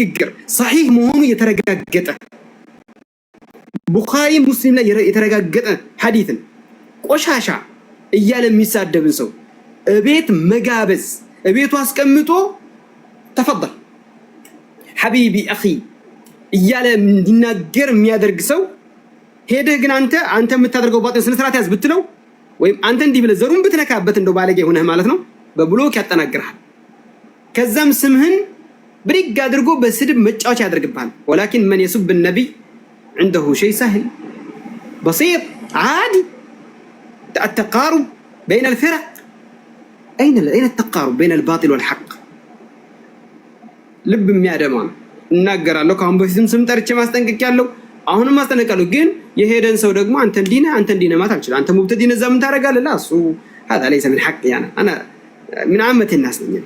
ንግግር ሰሒህ መሆኑ የተረጋገጠ ቡኻሪ ሙስሊም ላይ የተረጋገጠ ሐዲትን ቆሻሻ እያለ የሚሳደብን ሰው እቤት መጋበዝ እቤቱ አስቀምጦ ተፈል ሐቢቢ አኺ እያለ እንዲናገር የሚያደርግ ሰው ሄደህ ግን አንተ አንተ የምታደርገው ባጥን ስነ ስርዓት ያዝ ብትለው ወይም አንተ እንዲህ ብለህ ዘሩን ብትነካበት እንደው ባለጌ ሆነህ ማለት ነው፣ በብሎክ ያጠናግርሃል። ከዛም ስምህን ብድግ አድርጎ በስድብ መጫወቻ ያደርግብሃል። ወላኪን መን የሱብ ነቢይ ዐንደሁ ሸይ ሰህል በሲጥ ዓዲ አተቃሩብ በይነ ልፊረቅ አይነ ተቃሩብ በይነ ልባጢል ወልሐቅ ልብ የሚያደማ እናገራለሁ። ከአሁን በፊትም ስም ጠርቼ ማስጠንቀቂያለሁ። አሁንም ማስጠንቀቂያለሁ። ግን የሄደን ሰው ደግሞ አንተ እንዲህ አንተ እንዲህ ነህ ማለት አንተ ሙብተዲ እዛ ምን ታደርጋለህ? እሱ ሀዛ ለይሰ ምን ሐቅ ያነ አና ምን አመቴ እናስነኛል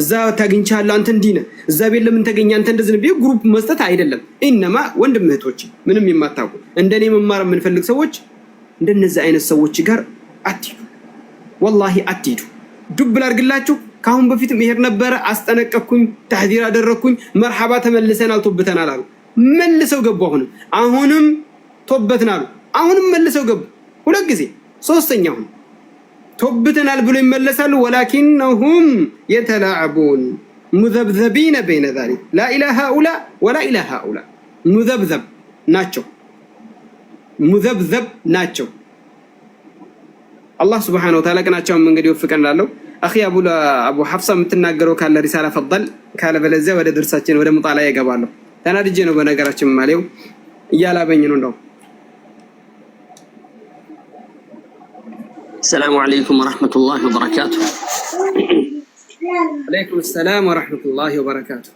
እዛ ታግኝቻለሁ አንተ እንዲህ ነህ፣ እዛ ቤት ለምን ተገኘ አንተ እንደዚህ ነው ብዬ ግሩፕ መስጠት አይደለም። ኢነማ ወንድም እህቶች፣ ምንም የማታውቁ እንደኔ መማር የምንፈልግ ሰዎች እንደነዚህ አይነት ሰዎች ጋር አትሂዱ፣ ወላሂ አትሂዱ። ዱብ ላድርግላችሁ። ከአሁን በፊት መሄድ ነበረ፣ አስጠነቀቅኩኝ፣ ታህዲር አደረግኩኝ። መርሓባ ተመልሰናል፣ ቶብተናል አሉ። መልሰው ገቡ። አሁንም አሁንም ቶበትን አሉ። አሁንም መልሰው ገቡ። ሁለት ጊዜ ሶስተኛ ሁን ቶብተናል ብሎ ይመለሳሉ። ወላኪነሁም የተላዕቡን ሙዘብዘቢነ በይነ ዛሊክ ላኢላ ሃኡላ ወላ ኢላ ሃኡላ ሙዘብዘብ ናቸው፣ ሙዘብዘብ ናቸው። አላህ ስብሐነሁ ወተዓላ ቀናቸውም እንግዲህ ወፍቀን እላለሁ። አኺ አቡ ሐፍሳ የምትናገረው ካለ ሪሳላ ፈል ካለ በለዚያ ወደ ድርሳችን ወደ ሙጣላ ይገባለሁ። ተናድጄ ነው በነገራችን ማሌው እያላበኝ ነው እንደው السلام አለይኩም ورحمة ወበረካቱ وبركاته عليكم السلام ورحمة الله وبركاته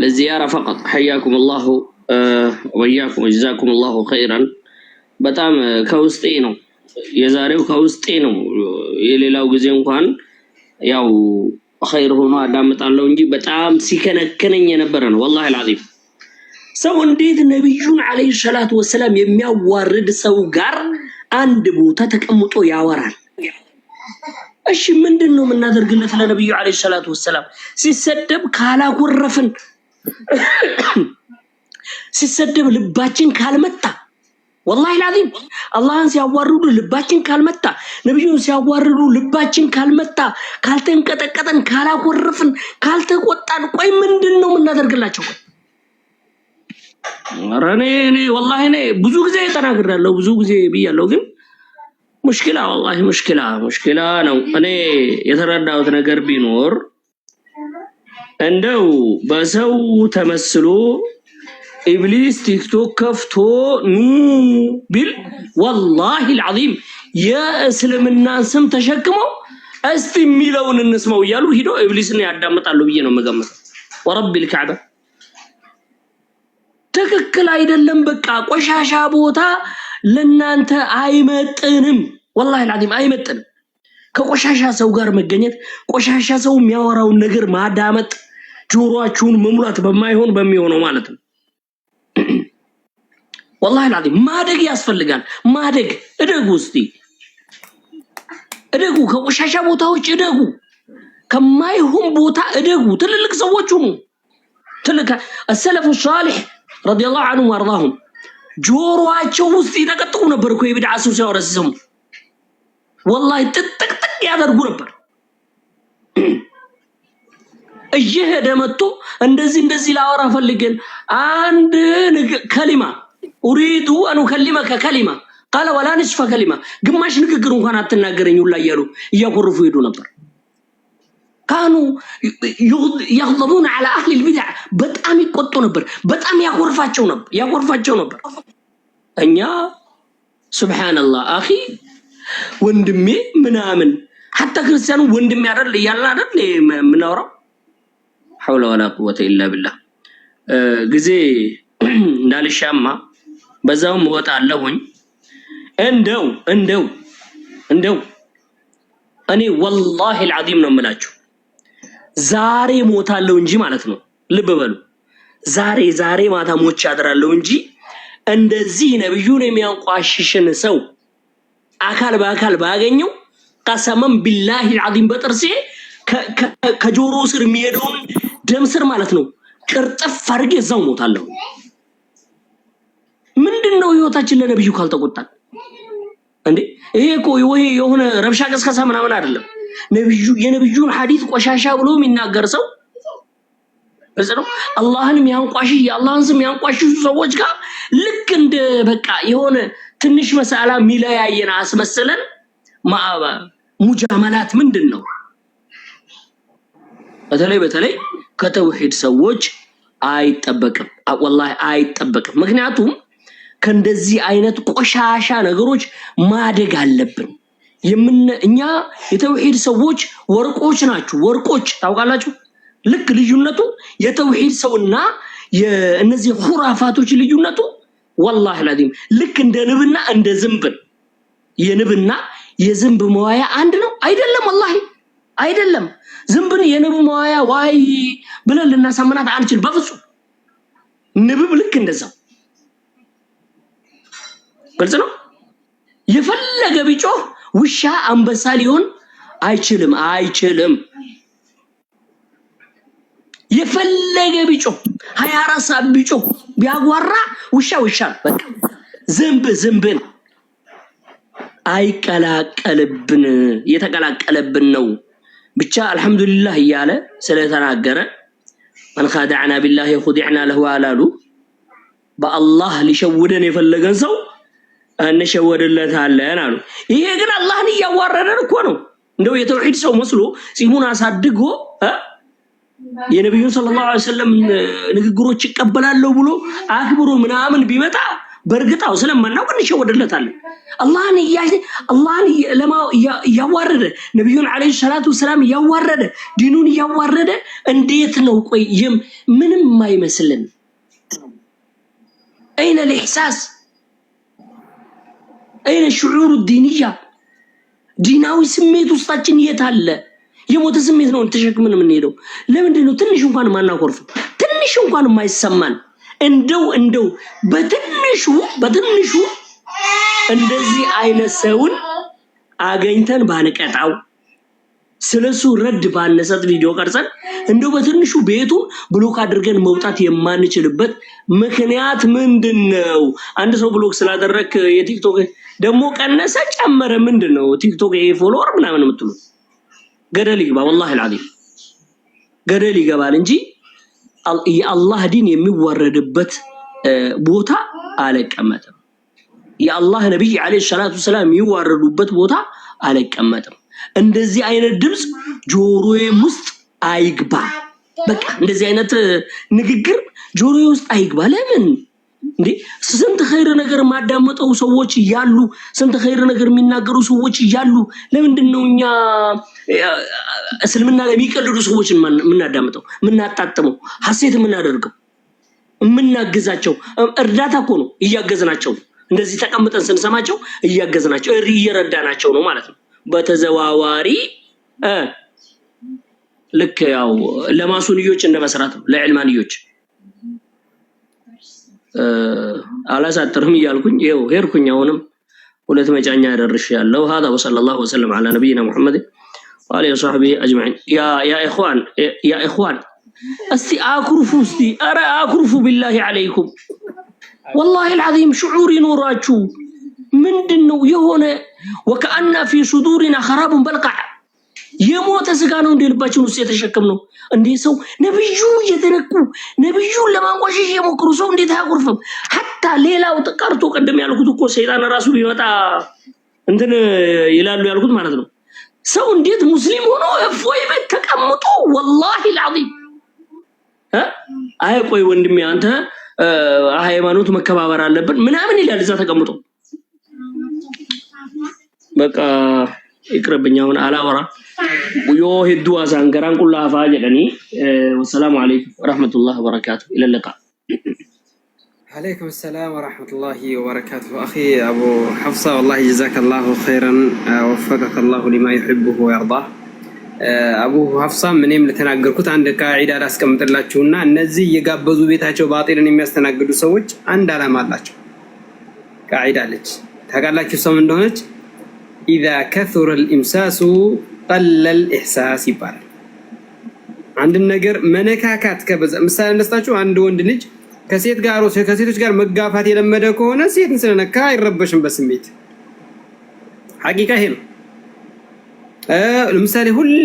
ለዚያራ ፈቀጥ ሐያኩም አላሁ ወያኩም ጀዛኩም አላሁ ኸይራን። በጣም ከውስጤ ነው የዛሬው ከውስጤ ነው። የሌላው ጊዜ እንኳን ያው ኸይር ሆኖ አዳምጣለሁ እንጂ በጣም ሲከነከነኝ የነበረ ነው ወላሂ አልዓዚም ሰው እንዴት ነቢዩን አለይሂ ሰላቱ ወሰላም የሚያዋርድ ሰው ጋር አንድ ቦታ ተቀምጦ ያወራል? እሺ ምንድን ነው የምናደርግለት? ለነቢዩ አለይሂ ሰላቱ ወሰላም ሲሰደብ ካላኮረፍን፣ ሲሰደብ ልባችን ካልመታ፣ ወላሂ ላዚም አላህን ሲያዋርዱ ልባችን ካልመታ፣ ነቢዩን ሲያዋርዱ ልባችን ካልመታ፣ ካልተንቀጠቀጠን፣ ካላኮረፍን፣ ካልተቆጣን፣ ቆይ ምንድን ነው የምናደርግላቸው? እኔ እኔ ወላሂ እኔ ብዙ ጊዜ ተናግሬያለሁ፣ ብዙ ጊዜ ብያለሁ። ግን ሙሽኪላ ወላሂ ሙሽኪላ ሙሽኪላ ነው። እኔ የተረዳሁት ነገር ቢኖር እንደው በሰው ተመስሎ ኢብሊስ ቲክቶክ ከፍቶ ኑ ቢል ወላሂ አልዓዚም የእስልምናን ስም ተሸክመው እስቲ የሚለውን እንስማው እያሉ ሂዶ ኢብሊስን ያዳምጣሉ ብዬ ነው የምገምተው። ወረቢል ከዕባ ትክክል አይደለም። በቃ ቆሻሻ ቦታ ለናንተ አይመጥንም። ወላሂ አልዓዚም አይመጥንም። ከቆሻሻ ሰው ጋር መገኘት፣ ቆሻሻ ሰው የሚያወራውን ነገር ማዳመጥ፣ ጆሮአችሁን መሙላት በማይሆን በሚሆነው ማለት ነው። ወላሂ አልዓዚም ማደግ ያስፈልጋል። ማደግ እደጉ፣ እስቲ እደጉ፣ ከቆሻሻ ቦታዎች እደጉ፣ ከማይሆን ቦታ እደጉ። ትልልቅ ሰዎች ሁኑ። ትልቅ ሰለፉ ሷሊህ ረዲየላሁ አንሁም አርዳሁም ጆሮአቸው ውስጥ ይጠቀጥቁ ነበር እኮ የቢድዓ ሰው ሲያወራ ሲሰሙ ወላሂ ጥጥቅጥቅ ያደርጉ ነበር። እየሄደ መጥቶ እንደዚህ እንደዚህ ላወራ ፈልገን አንድ ከሊማ ኡሪዱ አን ኡከሊመከ ከሊማ ቃለ ወላ ንስፈ ከሊማ ግማሽ ንግግር እንኳን አትናገረኝ ሁላ እያሉ እያኮርፉ ሄዱ ነበር። ካህኑ የቅለቡን ዐላ አህሊል ቢድዓ በጣም ይቆጡ ነበር። በጣም ያኮርፋቸው ነበር ያኮርፋቸው ነበር። እኛ ሱብሓነላህ አኺ ወንድሜ ምናምን ሐታ ክርስቲያኑ ወንድሜ አይደል እያልን አይደል የምናወራው። ሐውለ ወላ ቁወተ ኢላ ቢላህ። ጊዜ እንዳልሻማ በዛውም እወጣለሁኝ። እንደው እንደው እንደው እኔ ወላሂ አልዓዚም ነው የምላችሁ ዛሬ ሞታለሁ እንጂ ማለት ነው። ልብ በሉ። ዛሬ ዛሬ ማታ ሞቼ አድራለሁ እንጂ እንደዚህ ነብዩን የሚያንቋሽሽን ሰው አካል በአካል ባገኘው ቀሰመም ቢላሂ አዚም በጥርሴ ከጆሮ ስር የሚሄደውን ደም ስር ማለት ነው ቅርጥፍ አድርጌ እዛው ሞታለሁ። ምንድን ነው ህይወታችን ለነብዩ ካልተቆጣን እንዴ? ይሄ እኮ የሆነ ረብሻ ቀስቀሳ ምናምን አይደለም። የነብዩን ሐዲስ ቆሻሻ ብሎ የሚናገር ሰው እዚ ነው። አላህን የሚያንቋሽሽ የአላህን ስም የሚያንቋሽሹ ሰዎች ጋር ልክ እንደ በቃ የሆነ ትንሽ መሳላ የሚለያየን አስመስለን ሙጃመላት ምንድን ነው? በተለይ በተለይ ከተውሂድ ሰዎች አይጠበቅም፣ ወላሂ አይጠበቅም። ምክንያቱም ከእንደዚህ አይነት ቆሻሻ ነገሮች ማደግ አለብን። እኛ የተውሂድ ሰዎች ወርቆች ናችሁ። ወርቆች ታውቃላችሁ። ልክ ልዩነቱ የተውሂድ ሰውና የእነዚህ ሁራፋቶች ልዩነቱ ወላሂ ላዚም ልክ እንደ ንብና እንደ ዝንብ የንብና የዝንብ መዋያ አንድ ነው አይደለም? ወላሂ አይደለም። ዝንብን የንብ መዋያ ዋይ ብለን ልናሳምናት አንችል በፍጹም። ንብም ልክ እንደዛው ግልጽ ነው። የፈለገ ቢጮህ ውሻ አንበሳ ሊሆን አይችልም አይችልም። የፈለገ ቢጮ ሀያ አራት ሰዓት ቢያጓራ ውሻ ውሻ በቃ ዝንብ ዝንብን አይቀላቀልብን የተቀላቀለብን ነው ብቻ አልሐምዱሊላህ እያለ ስለተናገረ መን ኸዳዕና ቢላሂ ኹዲዕና ለሁ አላሉ። በአላህ ሊሸውደን የፈለገን ሰው እንሸወድለታለን አሉ። ይሄ ግን አላህን እያዋረደን እኮ ነው። እንደው የተውሂድ ሰው መስሎ ጺሙን አሳድጎ የነቢዩን ሰለላሁ ዐለይሂ ወሰለም ንግግሮች ይቀበላለሁ ብሎ አክብሮ ምናምን ቢመጣ በእርግጣው ስለማናውቅ እንሸወድለታለን። አላህን አላህን እያዋረደ ነቢዩን ዐለይሂ ሰላቱ ወሰላም እያዋረደ ዲኑን እያዋረደ እንዴት ነው? ቆይ ምንም አይመስልን አይነ ልሕሳስ አይነ ሽዑሩ ዲንያ ዲናዊ ስሜት ውስጣችን የት አለ? የሞተ ስሜት ነው ተሸክምን የምንሄደው። ለምንድን ነው ትንሽ እንኳን ማናኮርፍ ትንሽ እንኳን የማይሰማን? እንደው እንደው በትንሹ በትንሹ እንደዚህ አይነት ሰውን አገኝተን ባንቀጣው ስለሱ ረድ ባነሰት ቪዲዮ ቀርጸን እንደው በትንሹ ቤቱ ብሎክ አድርገን መውጣት የማንችልበት ምክንያት ምንድን ነው? አንድ ሰው ብሎክ ስላደረክ የቲክቶክ ደግሞ ቀነሰ ጨመረ ምንድን ነው ቲክቶክ ይሄ ፎሎወር ምናምን የምትሉት ገደል ይግባ። ወላሂ አልዓዚም ገደል ይገባል እንጂ የአላህ ዲን የሚዋረድበት ቦታ አለቀመጥም የአላህ ነቢይ ዓለይሂ ሰላቱ ሰላም የሚዋረዱበት ቦታ አለቀመጥም። እንደዚህ አይነት ድምፅ ጆሮዬም ውስጥ አይግባ። በቃ እንደዚህ አይነት ንግግር ጆሮዬ ውስጥ አይግባ። ለምን እንዴ? ስንት ኸይር ነገር ማዳመጠው ሰዎች እያሉ ስንት ኸይር ነገር የሚናገሩ ሰዎች እያሉ ለምንድን ነው እኛ እስልምና ላይ የሚቀልዱ ሰዎችን የምናዳምጠው፣ የምናጣጥመው፣ ሀሴት የምናደርገው፣ የምናግዛቸው? እርዳታ እኮ ነው፣ እያገዝናቸው። እንደዚህ ተቀምጠን ስንሰማቸው እያገዝናቸው፣ እየረዳናቸው ነው ማለት ነው። በተዘዋዋሪ ልክ ያው ለማሱንዮች እንደመስራት ነው። ለዕልማንዮች አላሳጥርም እያልኩኝ ይኸው ሄድኩኝ። አሁንም ሁለት መጫኛ ያደርሽ ያለው هذا وصلى الله وسلم على نبينا محمد وعلى صحبه اجمعين يا እስቲ አኩርፉ፣ እስቲ ኧረ አኩርፉ። ቢላሂ አለይኩም ወላሂ አልዓዚም ሽዑር ይኖራችሁ ምንድን ነው የሆነ ወከአና ፊ ሱዱሪና ኸራቡን በልቃ የሞተ ስጋ ነው እንደ ልባችን ውስጥ የተሸከም ነው እንዴ! ሰው ነብዩ እየተነኩ ነብዩን ለማንቋሸሽ የሞክሩ ሰው እንዴት አያኮርፍም? ሀታ ሌላው ቀርቶ ቀደም ያልኩት እኮ ሰይጣን ራሱ ቢመጣ እንትን ይላሉ ያልኩት ማለት ነው። ሰው እንዴት ሙስሊም ሆኖ እፎይ ቤት ተቀምጦ ወላሂ ልዓዚም አይ ቆይ ወንድሜ አንተ ሃይማኖት መከባበር አለብን ምናምን ይላል እዛ ተቀምጦ በቃ ይቅርብኝ አሁን አላወራ ጉዮ ሄዱ አሳንገራን ቁላ አፋ ጀደኒ ወሰላሙ አለይኩም ወረሕመቱላህ ወበረካቱ ይለለቃ عليكم السلام ورحمة الله وبركاته أخي أبو حفصة والله جزاك الله خيرا وفقك الله አቡ ሐፍሳ ምንም ለተናገርኩት አንድ ቃዒዳ ላስቀምጥላችሁና እነዚህ የጋበዙ ቤታቸው ባጢልን የሚያስተናግዱ ሰዎች አንድ አላማ አላቸው። ቃዒዳ አለች። ታውቃላችሁ ሰው እንደሆነች ኢዛ ከሱረ ልኢምሳሱ ቀለል ኢሕሳስ ይባላል። አንድን ነገር መነካካት ከበዛ ምሳሌ እንደስታችሁ አንድ ወንድ ልጅ ከሴት ጋር ከሴቶች ጋር መጋፋት የለመደ ከሆነ ሴትን ስለነካ አይረበሽም በስሜት ሐቂቃ ይሄ ነው። ለምሳሌ ሁሌ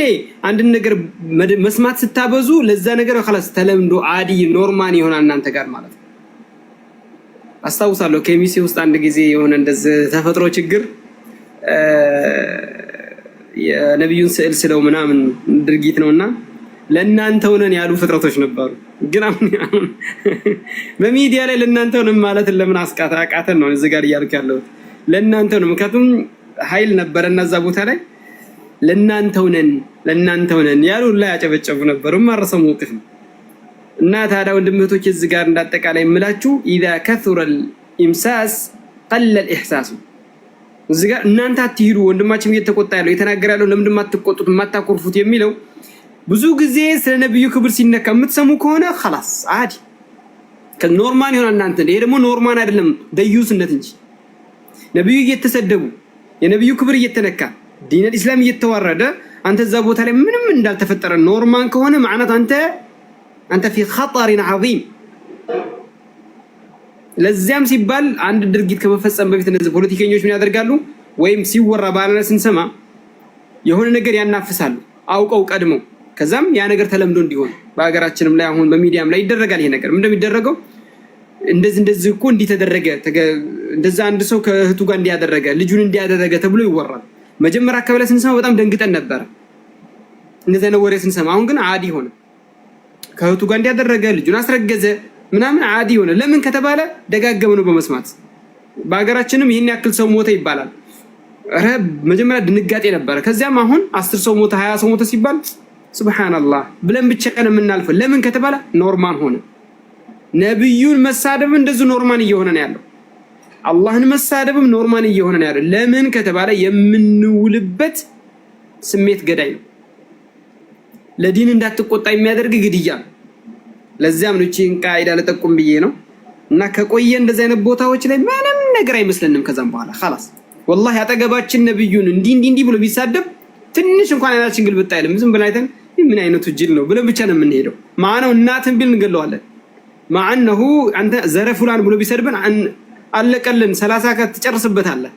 አንድን ነገር መስማት ስታበዙ ለዛ ነገር ላስ ተለምዶ አዲ ኖርማን ይሆናል እናንተ ጋር ማለት ነው። አስታውሳለሁ ከሚሴ ውስጥ አንድ ጊዜ የሆነ እንደዚህ ተፈጥሮ ችግር የነቢዩን ስዕል ስለው ምናምን ድርጊት ነው እና ለእናንተ ሆነን ያሉ ፍጥረቶች ነበሩ። ግን አሁን በሚዲያ ላይ ለእናንተ ሆነን ማለትን ለምን አቃተን ነው እዚህ ጋር እያልኩ ያለሁት። ለእናንተ ነው ምክንያቱም ሀይል ነበረ እና እዛ ቦታ ላይ ለእናንተ ሆነን ለእናንተ ሆነን ያሉ ላይ ያጨበጨቡ ነበሩ። ማረሰው መውቅፍ ነው እና ታዲያ ወንድምህቶች እዚህ ጋር እንዳጠቃላይ የምላችሁ ኢዛ ከሱረ ልኢምሳስ ቀለል ኢሕሳሱ እዚህ ጋር እናንተ አትሂዱ፣ ወንድማችን እየተቆጣ ያለው የተናገረ ያለው ለምንድን የማትቆጡት የማታኮርፉት የሚለው ብዙ ጊዜ ስለ ነብዩ ክብር ሲነካ የምትሰሙ ከሆነ ላስ አዲ ኖርማል ይሆናል። እናንተ ይሄ ደግሞ ኖርማል አይደለም፣ ደዩስነት እንጂ ነብዩ እየተሰደቡ የነብዩ ክብር እየተነካ ዲነል ኢስላም እየተዋረደ አንተ እዛ ቦታ ላይ ምንም እንዳልተፈጠረ ኖርማል ከሆነ ማዕናት አንተ አንተ ፊ ኸጠሪን ዐዚም ለዚያም ሲባል አንድ ድርጊት ከመፈጸም በፊት እነዚህ ፖለቲከኞች ምን ያደርጋሉ? ወይም ሲወራ ባለነ ስንሰማ የሆነ ነገር ያናፍሳሉ አውቀው ቀድመው። ከዛም ያ ነገር ተለምዶ እንዲሆን በሀገራችንም ላይ አሁን በሚዲያም ላይ ይደረጋል። ይሄ ነገር እንደሚደረገው እንደዚህ እንደዚህ እኮ እንዲተደረገ እንደዛ አንድ ሰው ከእህቱ ጋር እንዲያደረገ ልጁን እንዲያደረገ ተብሎ ይወራል። መጀመሪያ አካባቢ ላይ ስንሰማ በጣም ደንግጠን ነበረ፣ እንደዚህ አይነት ወሬ ስንሰማ። አሁን ግን አዲ ሆነ። ከእህቱ ጋር እንዲያደረገ ልጁን አስረገዘ ምናምን አዲ ሆነ። ለምን ከተባለ ደጋገም ነው በመስማት በሀገራችንም ይህን ያክል ሰው ሞተ ይባላል። ረ መጀመሪያ ድንጋጤ ነበረ። ከዚያም አሁን አስር ሰው ሞተ፣ ሀያ ሰው ሞተ ሲባል ሱብሃነላህ ብለን ብቻ ቀን የምናልፈው ለምን ከተባለ ኖርማል ሆነ። ነቢዩን መሳደብ እንደዚሁ ኖርማል እየሆነ ነው ያለው። አላህን መሳደብም ኖርማል እየሆነ ነው ያለው። ለምን ከተባለ የምንውልበት ስሜት ገዳይ ነው። ለዲን እንዳትቆጣ የሚያደርግ ግድያ ነው። ለዚያም ነው እቺን ቃይዳ ለጠቁም ብዬ ነው። እና ከቆየ እንደዚህ አይነት ቦታዎች ላይ ምንም ነገር አይመስለንም። ከዛም በኋላ ኸላስ ወላሂ አጠገባችን ነብዩን እንዲህ እንዲህ እንዲህ ብሎ ቢሳደብ ትንሽ እንኳን አይናችን ግልብጥ አይልም። ዝም ብለን አይተን ምን አይነቱ ጅል ነው ብለን ብቻ ነው የምንሄደው። ማነው እናትን ቢል እንገለዋለን። ማአነሁ አንተ ዘረፉላን ብሎ ቢሰድብን አለቀልን። ሰላሳ ትጨርስበታለህ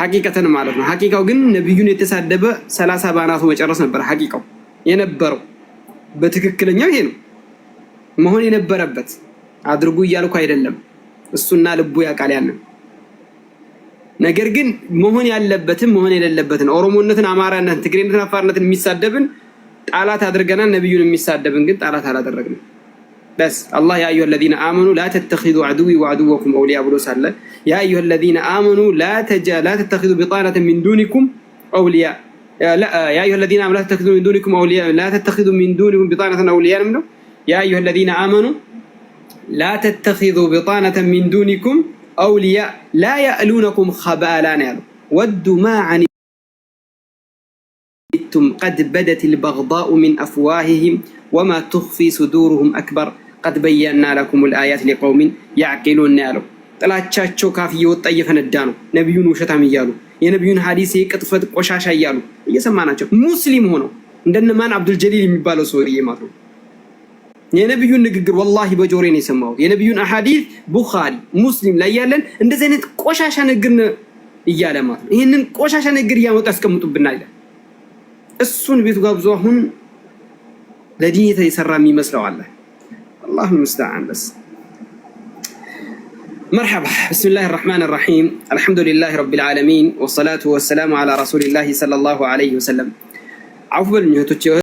ሐቂቀተን ማለት ነው። ሐቂቃው ግን ነብዩን የተሳደበ ሰላሳ ባናቱ መጨረስ ነበር ሐቂቃው የነበረው በትክክለኛው ይሄ ነው። መሆን የነበረበት አድርጉ እያልኩ አይደለም። እሱና ልቡ ያውቃል ያንን ነገር ግን መሆን ያለበትም መሆን የሌለበትን ኦሮሞነትን፣ አማራነትን፣ ትግሬነትን፣ አፋርነትን የሚሳደብን ጣላት አድርገናል። ነቢዩን የሚሳደብን ግን ጣላት አላደረግንም። በስ አላህ ያ አዩሀ ለዚነ አመኑ ላ ተተኪዙ አድዊ ወአድወኩም አውሊያ ብሎ ሳለ ያ አዩሀ ለዚነ አመኑ ላ ተተኪዙ ቢጣነተ ሚን ዱኒኩም አውሊያ ያ አዩሀ ለዚነ አመኑ ላ ሚን ዱኒኩም አውሊያ ላ ሚን ዱኒኩም ቢጣነተን አውሊያ ነው ያ አዩሃ ለዚነ አመኑ ላ ተተኪዙ ብጣነተን ሚን ዱኒኩም አውልያ ላ ያእሉነኩም ከባላ ያሉ። ወዱ ማ ዐኒቱም ቀድ በደት ልበግዳኡ ሚን አፍዋሂሂም ወማ ትኽፊ ሱዱሩሁም አክበር ቀድ በየና ለኩሙል አያት ሊቀውሚን ያዕቂሉን ያለው። ጥላቻቸው ካፍ እየወጣ እየፈነዳ ነው። ነቢዩን ውሸታም እያሉ የነቢዩን ሀዲስ ቅጥፈት ቆሻሻ እያሉ እየሰማናቸው ሙስሊም ሆነው እንደነማን አብዱልጀሊል የሚባለው ሰውዬ ማለት ነው የነቢዩን ንግግር ወላሂ በጆሮዬ ነው የሰማሁት። የነቢዩን አሐዲት ቡኻሪ ሙስሊም ላይ ያለን እንደዚህ አይነት ቆሻሻ ንግግር እያለ ማለት ነው። ይህንን ቆሻሻ ንግግር እያመጡ ያስቀምጡብናል። እሱን ቤቱ ጋብዞ አሁን ለዲን የተሰራ የሚመስለው አለ። አላሁ ልሙስተዓን በስ መርሓባ ብስሚላህ ራሕማን ራሒም አልሐምዱሊላህ ረቢል ዓለሚን ወሰላቱ ወሰላሙ ዓላ ረሱሊላህ ሰለላሁ ዓለይሂ ወሰለም። አፉ በሉኝ እህቶቼ